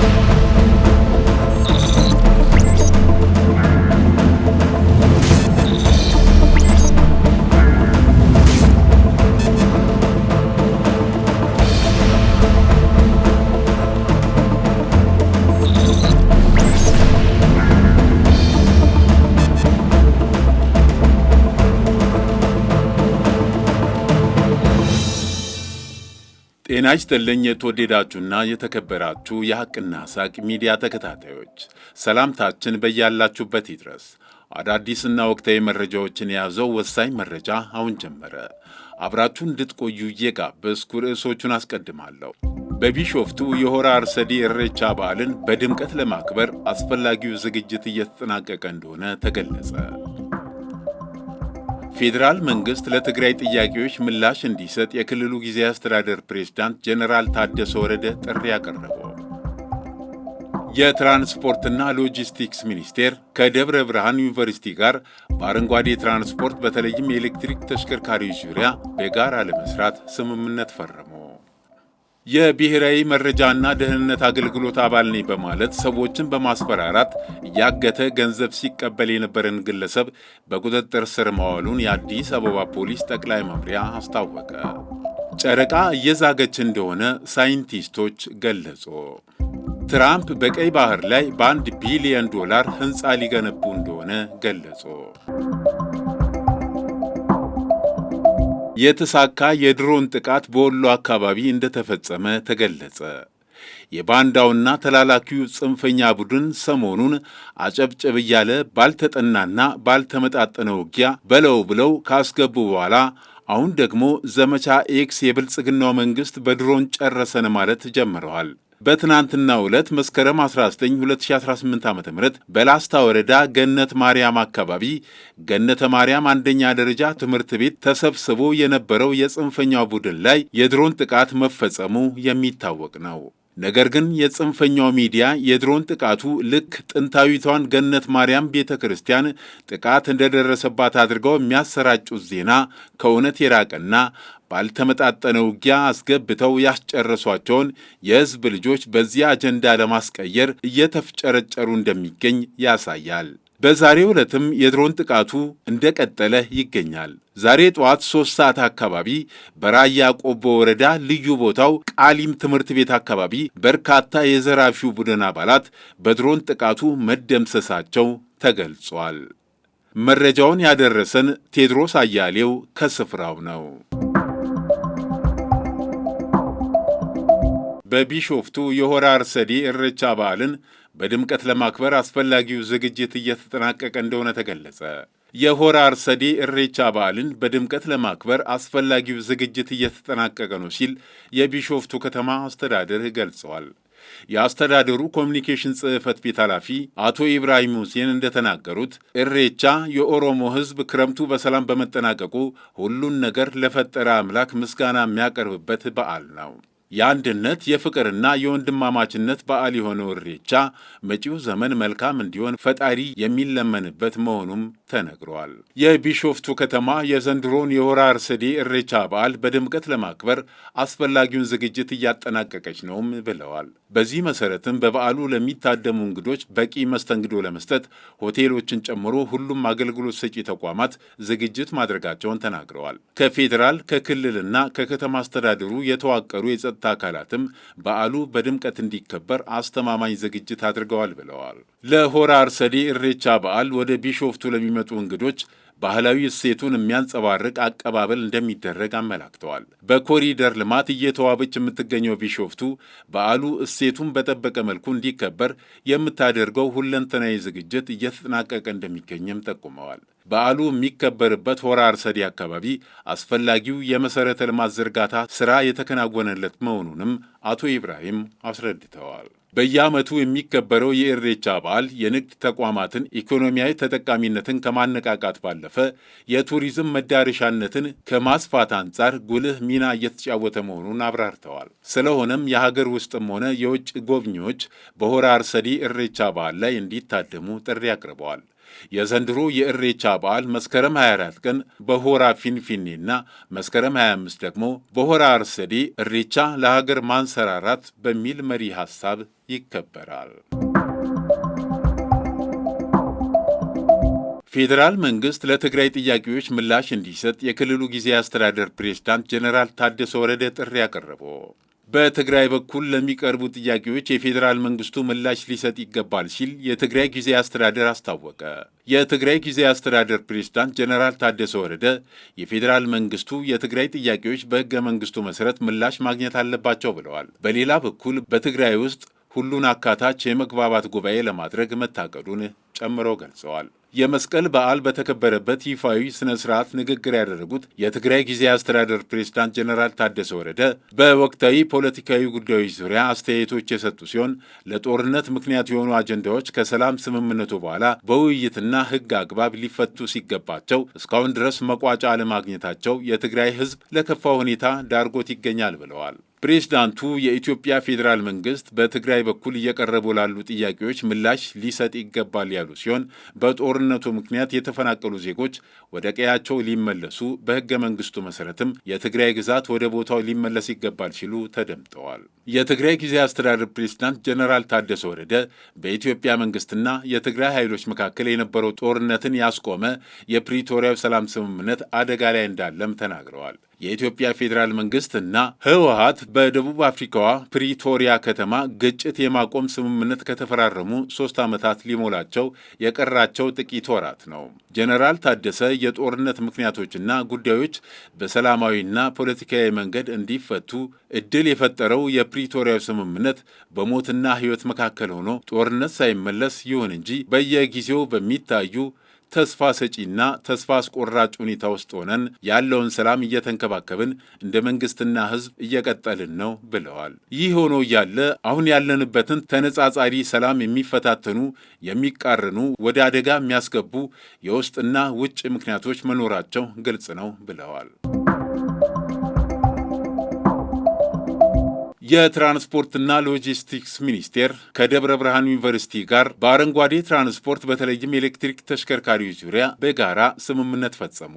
Thank you. ጤና ይስጥልኝ የተወደዳችሁና የተከበራችሁ የሐቅና ሳቅ ሚዲያ ተከታታዮች፣ ሰላምታችን በያላችሁበት ይድረስ። አዳዲስና ወቅታዊ መረጃዎችን የያዘው ወሳኝ መረጃ አሁን ጀመረ። አብራችሁን እንድትቆዩ እየጋበዝኩ ርዕሶቹን አስቀድማለሁ። በቢሾፍቱ የሆራ አርሰዲ እሬቻ በዓልን በድምቀት ለማክበር አስፈላጊው ዝግጅት እየተጠናቀቀ እንደሆነ ተገለጸ። ፌዴራል መንግስት ለትግራይ ጥያቄዎች ምላሽ እንዲሰጥ የክልሉ ጊዜያዊ አስተዳደር ፕሬዝዳንት ጀኔራል ታደሰ ወረደ ጥሪ አቀረቡ። የትራንስፖርትና ሎጂስቲክስ ሚኒስቴር ከደብረ ብርሃን ዩኒቨርሲቲ ጋር በአረንጓዴ ትራንስፖርት በተለይም የኤሌክትሪክ ተሽከርካሪዎች ዙሪያ በጋራ ለመስራት ስምምነት ፈረሙ። የብሔራዊ መረጃና ደህንነት አገልግሎት አባል ነኝ በማለት ሰዎችን በማስፈራራት እያገተ ገንዘብ ሲቀበል የነበረን ግለሰብ በቁጥጥር ስር መዋሉን የአዲስ አበባ ፖሊስ ጠቅላይ መምሪያ አስታወቀ። ጨረቃ እየዛገች እንደሆነ ሳይንቲስቶች ገለጹ። ትራምፕ በቀይ ባህር ላይ በአንድ ቢሊዮን ዶላር ሕንፃ ሊገነቡ እንደሆነ ገለጹ። የተሳካ የድሮን ጥቃት በወሎ አካባቢ እንደተፈጸመ ተገለጸ። የባንዳውና ተላላኪው ጽንፈኛ ቡድን ሰሞኑን አጨብጨብ እያለ ባልተጠናና ባልተመጣጠነ ውጊያ በለው ብለው ካስገቡ በኋላ አሁን ደግሞ ዘመቻ ኤክስ የብልጽግናው መንግሥት በድሮን ጨረሰን ማለት ጀምረዋል። በትናንትና ዕለት መስከረም 19 2018 ዓ ም በላስታ ወረዳ ገነት ማርያም አካባቢ ገነተ ማርያም አንደኛ ደረጃ ትምህርት ቤት ተሰብስቦ የነበረው የጽንፈኛው ቡድን ላይ የድሮን ጥቃት መፈጸሙ የሚታወቅ ነው። ነገር ግን የጽንፈኛው ሚዲያ የድሮን ጥቃቱ ልክ ጥንታዊቷን ገነት ማርያም ቤተ ክርስቲያን ጥቃት እንደደረሰባት አድርገው የሚያሰራጩት ዜና ከእውነት የራቀና ባልተመጣጠነ ውጊያ አስገብተው ያስጨረሷቸውን የህዝብ ልጆች በዚህ አጀንዳ ለማስቀየር እየተፍጨረጨሩ እንደሚገኝ ያሳያል። በዛሬ ዕለትም የድሮን ጥቃቱ እንደቀጠለ ይገኛል። ዛሬ ጠዋት ሶስት ሰዓት አካባቢ በራያ ቆቦ ወረዳ ልዩ ቦታው ቃሊም ትምህርት ቤት አካባቢ በርካታ የዘራፊው ቡድን አባላት በድሮን ጥቃቱ መደምሰሳቸው ተገልጿል። መረጃውን ያደረሰን ቴድሮስ አያሌው ከስፍራው ነው። በቢሾፍቱ የሆራ አርሰዴ እርቻ በዓልን በድምቀት ለማክበር አስፈላጊው ዝግጅት እየተጠናቀቀ እንደሆነ ተገለጸ። የሆራ አርሰዴ እሬቻ በዓልን በድምቀት ለማክበር አስፈላጊው ዝግጅት እየተጠናቀቀ ነው ሲል የቢሾፍቱ ከተማ አስተዳደር ገልጸዋል። የአስተዳደሩ ኮሚኒኬሽን ጽሕፈት ቤት ኃላፊ አቶ ኢብራሂም ሁሴን እንደተናገሩት እሬቻ የኦሮሞ ሕዝብ ክረምቱ በሰላም በመጠናቀቁ ሁሉን ነገር ለፈጠረ አምላክ ምስጋና የሚያቀርብበት በዓል ነው። የአንድነት የፍቅርና የወንድማማችነት በዓል የሆነው ኢሬቻ መጪው ዘመን መልካም እንዲሆን ፈጣሪ የሚለመንበት መሆኑም ተነግሯል። የቢሾፍቱ ከተማ የዘንድሮን የሆራ አርሰዴ እሬቻ በዓል በድምቀት ለማክበር አስፈላጊውን ዝግጅት እያጠናቀቀች ነውም ብለዋል። በዚህ መሰረትም በበዓሉ ለሚታደሙ እንግዶች በቂ መስተንግዶ ለመስጠት ሆቴሎችን ጨምሮ ሁሉም አገልግሎት ሰጪ ተቋማት ዝግጅት ማድረጋቸውን ተናግረዋል። ከፌዴራል ከክልልና ከከተማ አስተዳደሩ የተዋቀሩ የጸጥታ አካላትም በዓሉ በድምቀት እንዲከበር አስተማማኝ ዝግጅት አድርገዋል ብለዋል። ለሆራ አርሰዴ እሬቻ በዓል ወደ ቢሾፍቱ ለሚ ለሚመጡ እንግዶች ባህላዊ እሴቱን የሚያንጸባርቅ አቀባበል እንደሚደረግ አመላክተዋል። በኮሪደር ልማት እየተዋበች የምትገኘው ቢሾፍቱ በዓሉ እሴቱን በጠበቀ መልኩ እንዲከበር የምታደርገው ሁለንተናዊ ዝግጅት እየተጠናቀቀ እንደሚገኝም ጠቁመዋል። በዓሉ የሚከበርበት ሆራ አርሰዲ አካባቢ አስፈላጊው የመሠረተ ልማት ዝርጋታ ሥራ የተከናወነለት መሆኑንም አቶ ኢብራሂም አስረድተዋል። በየዓመቱ የሚከበረው የኢሬቻ በዓል የንግድ ተቋማትን ኢኮኖሚያዊ ተጠቃሚነትን ከማነቃቃት ባለፈ የቱሪዝም መዳረሻነትን ከማስፋት አንጻር ጉልህ ሚና እየተጫወተ መሆኑን አብራርተዋል። ስለሆነም የሀገር ውስጥም ሆነ የውጭ ጎብኚዎች በሆራ አርሰዲ ኢሬቻ በዓል ላይ እንዲታደሙ ጥሪ አቅርበዋል። የዘንድሮ የእሬቻ በዓል መስከረም 24 ቀን በሆራ ፊንፊኔና መስከረም 25 ደግሞ በሆራ አርሰዴ እሬቻ ለሀገር ማንሰራራት በሚል መሪ ሀሳብ ይከበራል። ፌዴራል መንግስት ለትግራይ ጥያቄዎች ምላሽ እንዲሰጥ የክልሉ ጊዜ አስተዳደር ፕሬዝዳንት ጀኔራል ታደሰ ወረደ ጥሪ አቀረበ። በትግራይ በኩል ለሚቀርቡ ጥያቄዎች የፌዴራል መንግስቱ ምላሽ ሊሰጥ ይገባል ሲል የትግራይ ጊዜ አስተዳደር አስታወቀ። የትግራይ ጊዜ አስተዳደር ፕሬዝዳንት ጀነራል ታደሰ ወረደ የፌዴራል መንግስቱ የትግራይ ጥያቄዎች በህገ መንግስቱ መሠረት ምላሽ ማግኘት አለባቸው ብለዋል። በሌላ በኩል በትግራይ ውስጥ ሁሉን አካታች የመግባባት ጉባኤ ለማድረግ መታቀዱን ጨምረው ገልጸዋል። የመስቀል በዓል በተከበረበት ይፋዊ ስነ ስርዓት ንግግር ያደረጉት የትግራይ ጊዜ አስተዳደር ፕሬዝዳንት ጀኔራል ታደሰ ወረደ በወቅታዊ ፖለቲካዊ ጉዳዮች ዙሪያ አስተያየቶች የሰጡ ሲሆን ለጦርነት ምክንያት የሆኑ አጀንዳዎች ከሰላም ስምምነቱ በኋላ በውይይትና ሕግ አግባብ ሊፈቱ ሲገባቸው እስካሁን ድረስ መቋጫ አለማግኘታቸው የትግራይ ሕዝብ ለከፋ ሁኔታ ዳርጎት ይገኛል ብለዋል። ፕሬዝዳንቱ የኢትዮጵያ ፌዴራል መንግስት በትግራይ በኩል እየቀረቡ ላሉ ጥያቄዎች ምላሽ ሊሰጥ ይገባል ያሉ ሲሆን በጦር በጦርነቱ ምክንያት የተፈናቀሉ ዜጎች ወደ ቀያቸው ሊመለሱ በህገ መንግስቱ መሰረትም የትግራይ ግዛት ወደ ቦታው ሊመለስ ይገባል ሲሉ ተደምጠዋል። የትግራይ ጊዜ አስተዳደር ፕሬዝዳንት ጀነራል ታደሰ ወረደ በኢትዮጵያ መንግስትና የትግራይ ኃይሎች መካከል የነበረው ጦርነትን ያስቆመ የፕሪቶሪያው ሰላም ስምምነት አደጋ ላይ እንዳለም ተናግረዋል። የኢትዮጵያ ፌዴራል መንግስት እና ህወሀት በደቡብ አፍሪካዋ ፕሪቶሪያ ከተማ ግጭት የማቆም ስምምነት ከተፈራረሙ ሶስት ዓመታት ሊሞላቸው የቀራቸው ጥቂት ወራት ነው። ጀነራል ታደሰ የጦርነት ምክንያቶችና ጉዳዮች በሰላማዊና ፖለቲካዊ መንገድ እንዲፈቱ እድል የፈጠረው የፕሪቶሪያው ስምምነት በሞትና ህይወት መካከል ሆኖ ጦርነት ሳይመለስ ይሁን እንጂ በየጊዜው በሚታዩ ተስፋ ሰጪና ተስፋ አስቆራጭ ሁኔታ ውስጥ ሆነን ያለውን ሰላም እየተንከባከብን እንደ መንግስትና ህዝብ እየቀጠልን ነው ብለዋል። ይህ ሆኖ እያለ አሁን ያለንበትን ተነጻጻሪ ሰላም የሚፈታተኑ የሚቃረኑ፣ ወደ አደጋ የሚያስገቡ የውስጥና ውጭ ምክንያቶች መኖራቸው ግልጽ ነው ብለዋል። የትራንስፖርትና ሎጂስቲክስ ሚኒስቴር ከደብረ ብርሃን ዩኒቨርሲቲ ጋር በአረንጓዴ ትራንስፖርት በተለይም ኤሌክትሪክ ተሽከርካሪዎች ዙሪያ በጋራ ስምምነት ፈጸሙ።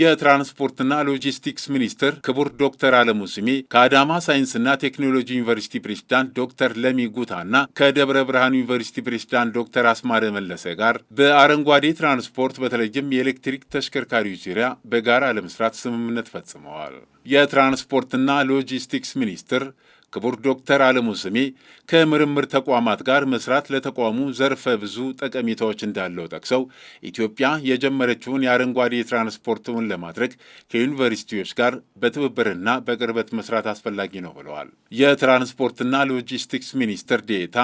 የትራንስፖርትና ሎጂስቲክስ ሚኒስትር ክቡር ዶክተር አለሙ ስሜ ከአዳማ ሳይንስና ቴክኖሎጂ ዩኒቨርሲቲ ፕሬዝዳንት ዶክተር ለሚ ጉታና ከደብረ ብርሃን ዩኒቨርሲቲ ፕሬዚዳንት ዶክተር አስማረ መለሰ ጋር በአረንጓዴ ትራንስፖርት በተለይም የኤሌክትሪክ ተሽከርካሪዎች ዙሪያ በጋራ ለመስራት ስምምነት ፈጽመዋል። የትራንስፖርትና ሎጂስቲክስ ሚኒስትር ክቡር ዶክተር አለሙ ስሜ ከምርምር ተቋማት ጋር መስራት ለተቋሙ ዘርፈ ብዙ ጠቀሜታዎች እንዳለው ጠቅሰው ኢትዮጵያ የጀመረችውን የአረንጓዴ ትራንስፖርትን ለማድረግ ከዩኒቨርሲቲዎች ጋር በትብብርና በቅርበት መስራት አስፈላጊ ነው ብለዋል። የትራንስፖርትና ሎጂስቲክስ ሚኒስትር ዴኤታ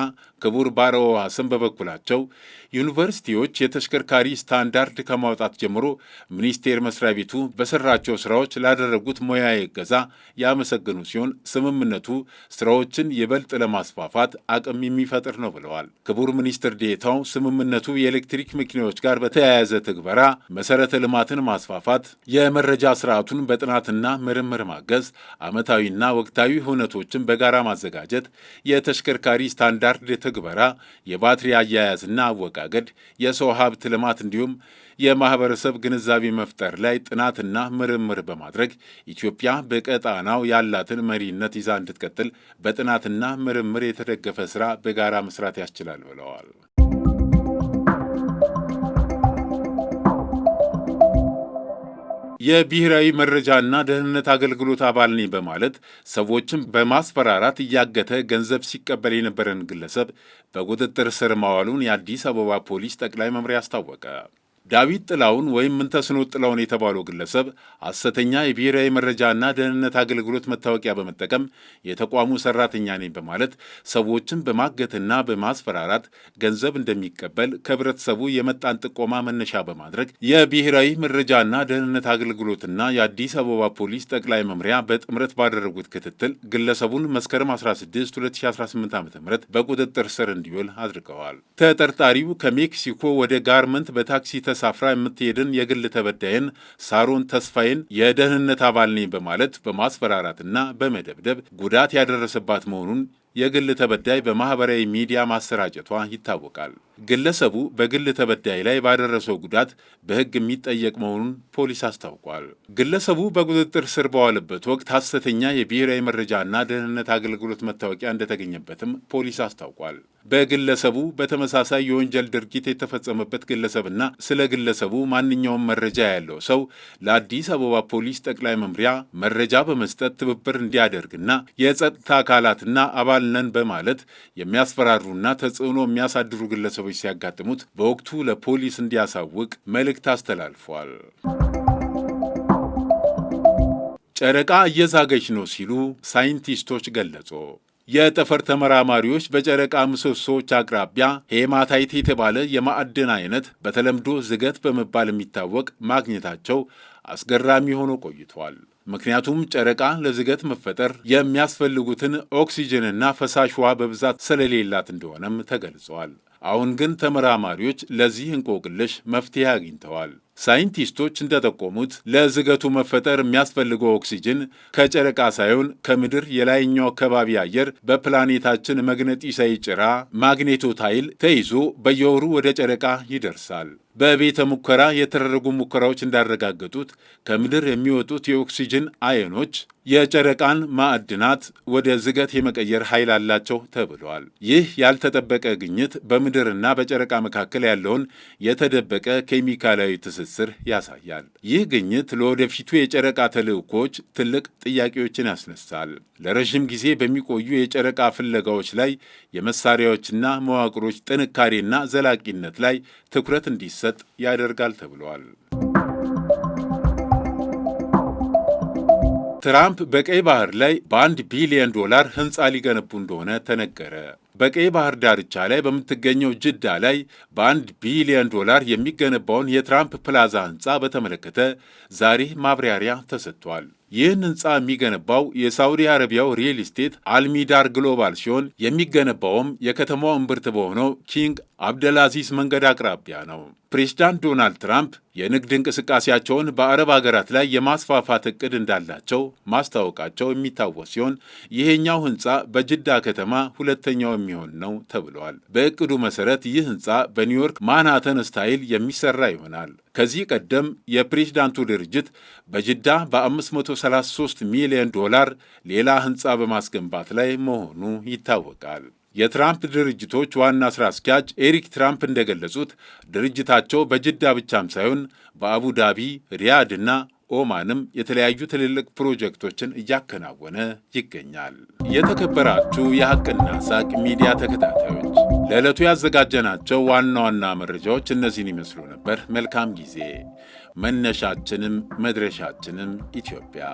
ክቡር ባረዋ ስም በበኩላቸው ዩኒቨርሲቲዎች የተሽከርካሪ ስታንዳርድ ከማውጣት ጀምሮ ሚኒስቴር መስሪያ ቤቱ በሰራቸው ስራዎች ላደረጉት ሙያዊ እገዛ ያመሰገኑ ሲሆን ስምምነቱ ስራዎችን ይበልጥ ለማስፋፋት አቅም የሚፈጥር ነው ብለዋል። ክቡር ሚኒስትር ዴታው ስምምነቱ የኤሌክትሪክ መኪናዎች ጋር በተያያዘ ትግበራ መሰረተ ልማትን ማስፋፋት፣ የመረጃ ስርዓቱን በጥናትና ምርምር ማገዝ፣ ዓመታዊና ወቅታዊ ሁነቶችን በጋራ ማዘጋጀት፣ የተሽከርካሪ ስታንዳርድ ትግበራ፣ የባትሪ አያያዝና አወቃ ማስተናጋገድ፣ የሰው ሀብት ልማት እንዲሁም የማህበረሰብ ግንዛቤ መፍጠር ላይ ጥናትና ምርምር በማድረግ ኢትዮጵያ በቀጣናው ያላትን መሪነት ይዛ እንድትቀጥል በጥናትና ምርምር የተደገፈ ስራ በጋራ መስራት ያስችላል ብለዋል። የብሔራዊ መረጃና ደህንነት አገልግሎት አባል ነኝ በማለት ሰዎችን በማስፈራራት እያገተ ገንዘብ ሲቀበል የነበረን ግለሰብ በቁጥጥር ስር ማዋሉን የአዲስ አበባ ፖሊስ ጠቅላይ መምሪያ አስታወቀ። ዳዊት ጥላውን ወይም ምንተስኖ ጥላውን የተባለው ግለሰብ ሐሰተኛ የብሔራዊ መረጃና ደህንነት አገልግሎት መታወቂያ በመጠቀም የተቋሙ ሰራተኛ ነኝ በማለት ሰዎችን በማገትና በማስፈራራት ገንዘብ እንደሚቀበል ከህብረተሰቡ የመጣን ጥቆማ መነሻ በማድረግ የብሔራዊ መረጃና ደህንነት አገልግሎትና የአዲስ አበባ ፖሊስ ጠቅላይ መምሪያ በጥምረት ባደረጉት ክትትል ግለሰቡን መስከረም 16 2018 ዓ ም በቁጥጥር ስር እንዲውል አድርገዋል። ተጠርጣሪው ከሜክሲኮ ወደ ጋርመንት በታክሲ ተ ተሳፍራ የምትሄድን የግል ተበዳይን ሳሮን ተስፋዬን የደህንነት አባል ነኝ በማለት በማስፈራራትና በመደብደብ ጉዳት ያደረሰባት መሆኑን የግል ተበዳይ በማኅበራዊ ሚዲያ ማሰራጨቷ ይታወቃል። ግለሰቡ በግል ተበዳይ ላይ ባደረሰው ጉዳት በሕግ የሚጠየቅ መሆኑን ፖሊስ አስታውቋል። ግለሰቡ በቁጥጥር ስር በዋለበት ወቅት ሐሰተኛ የብሔራዊ መረጃና ደህንነት አገልግሎት መታወቂያ እንደተገኘበትም ፖሊስ አስታውቋል። በግለሰቡ በተመሳሳይ የወንጀል ድርጊት የተፈጸመበት ግለሰብና ስለ ግለሰቡ ማንኛውም መረጃ ያለው ሰው ለአዲስ አበባ ፖሊስ ጠቅላይ መምሪያ መረጃ በመስጠት ትብብር እንዲያደርግና የጸጥታ አካላትና አባልነን በማለት የሚያስፈራሩና ተጽዕኖ የሚያሳድሩ ግለሰቦች ሀሳቦች ሲያጋጥሙት በወቅቱ ለፖሊስ እንዲያሳውቅ መልእክት አስተላልፏል። ጨረቃ እየዛገች ነው ሲሉ ሳይንቲስቶች ገለጹ። የጠፈር ተመራማሪዎች በጨረቃ ምሰሶዎች አቅራቢያ ሄማታይት የተባለ የማዕድን አይነት በተለምዶ ዝገት በመባል የሚታወቅ ማግኘታቸው አስገራሚ ሆኖ ቆይቷል። ምክንያቱም ጨረቃ ለዝገት መፈጠር የሚያስፈልጉትን ኦክሲጅንና ፈሳሽ ውሃ በብዛት ስለሌላት እንደሆነም ተገልጿል። አሁን ግን ተመራማሪዎች ለዚህ እንቆቅልሽ መፍትሄ አግኝተዋል። ሳይንቲስቶች እንደጠቆሙት ለዝገቱ መፈጠር የሚያስፈልገው ኦክሲጅን ከጨረቃ ሳይሆን ከምድር የላይኛው አካባቢ አየር በፕላኔታችን መግነጢሳዊ ጭራ ማግኔቶታይል ተይዞ በየወሩ ወደ ጨረቃ ይደርሳል። በቤተ ሙከራ የተደረጉ ሙከራዎች እንዳረጋገጡት ከምድር የሚወጡት የኦክሲጅን አየኖች የጨረቃን ማዕድናት ወደ ዝገት የመቀየር ኃይል አላቸው ተብሏል። ይህ ያልተጠበቀ ግኝት በምድርና በጨረቃ መካከል ያለውን የተደበቀ ኬሚካላዊ ትስስር ያሳያል። ይህ ግኝት ለወደፊቱ የጨረቃ ተልዕኮች ትልቅ ጥያቄዎችን ያስነሳል። ለረዥም ጊዜ በሚቆዩ የጨረቃ ፍለጋዎች ላይ የመሳሪያዎችና መዋቅሮች ጥንካሬና ዘላቂነት ላይ ትኩረት እንዲሰጥ ያደርጋል ተብሏል። ትራምፕ በቀይ ባህር ላይ በአንድ ቢሊዮን ዶላር ህንፃ ሊገነቡ እንደሆነ ተነገረ። በቀይ ባህር ዳርቻ ላይ በምትገኘው ጅዳ ላይ በአንድ ቢሊዮን ዶላር የሚገነባውን የትራምፕ ፕላዛ ህንፃ በተመለከተ ዛሬ ማብራሪያ ተሰጥቷል። ይህን ህንፃ የሚገነባው የሳውዲ አረቢያው ሪል ስቴት አልሚዳር ግሎባል ሲሆን የሚገነባውም የከተማው እምብርት በሆነው ኪንግ አብደልአዚዝ መንገድ አቅራቢያ ነው። ፕሬዚዳንት ዶናልድ ትራምፕ የንግድ እንቅስቃሴያቸውን በአረብ ሀገራት ላይ የማስፋፋት እቅድ እንዳላቸው ማስታወቃቸው የሚታወስ ሲሆን ይሄኛው ህንፃ በጅዳ ከተማ ሁለተኛው የሚሆን ነው ተብሏል። በእቅዱ መሰረት ይህ ህንፃ በኒውዮርክ ማንሃተን ስታይል የሚሰራ ይሆናል። ከዚህ ቀደም የፕሬዚዳንቱ ድርጅት በጅዳ በ533 ሚሊዮን ዶላር ሌላ ሕንፃ በማስገንባት ላይ መሆኑ ይታወቃል። የትራምፕ ድርጅቶች ዋና ሥራ አስኪያጅ ኤሪክ ትራምፕ እንደገለጹት ድርጅታቸው በጅዳ ብቻም ሳይሆን በአቡዳቢ ሪያድና ኦማንም የተለያዩ ትልልቅ ፕሮጀክቶችን እያከናወነ ይገኛል። የተከበራችሁ የሐቅና ሳቅ ሚዲያ ተከታታዮች ለዕለቱ ያዘጋጀናቸው ዋና ዋና መረጃዎች እነዚህን ይመስሉ ነበር። መልካም ጊዜ። መነሻችንም መድረሻችንም ኢትዮጵያ።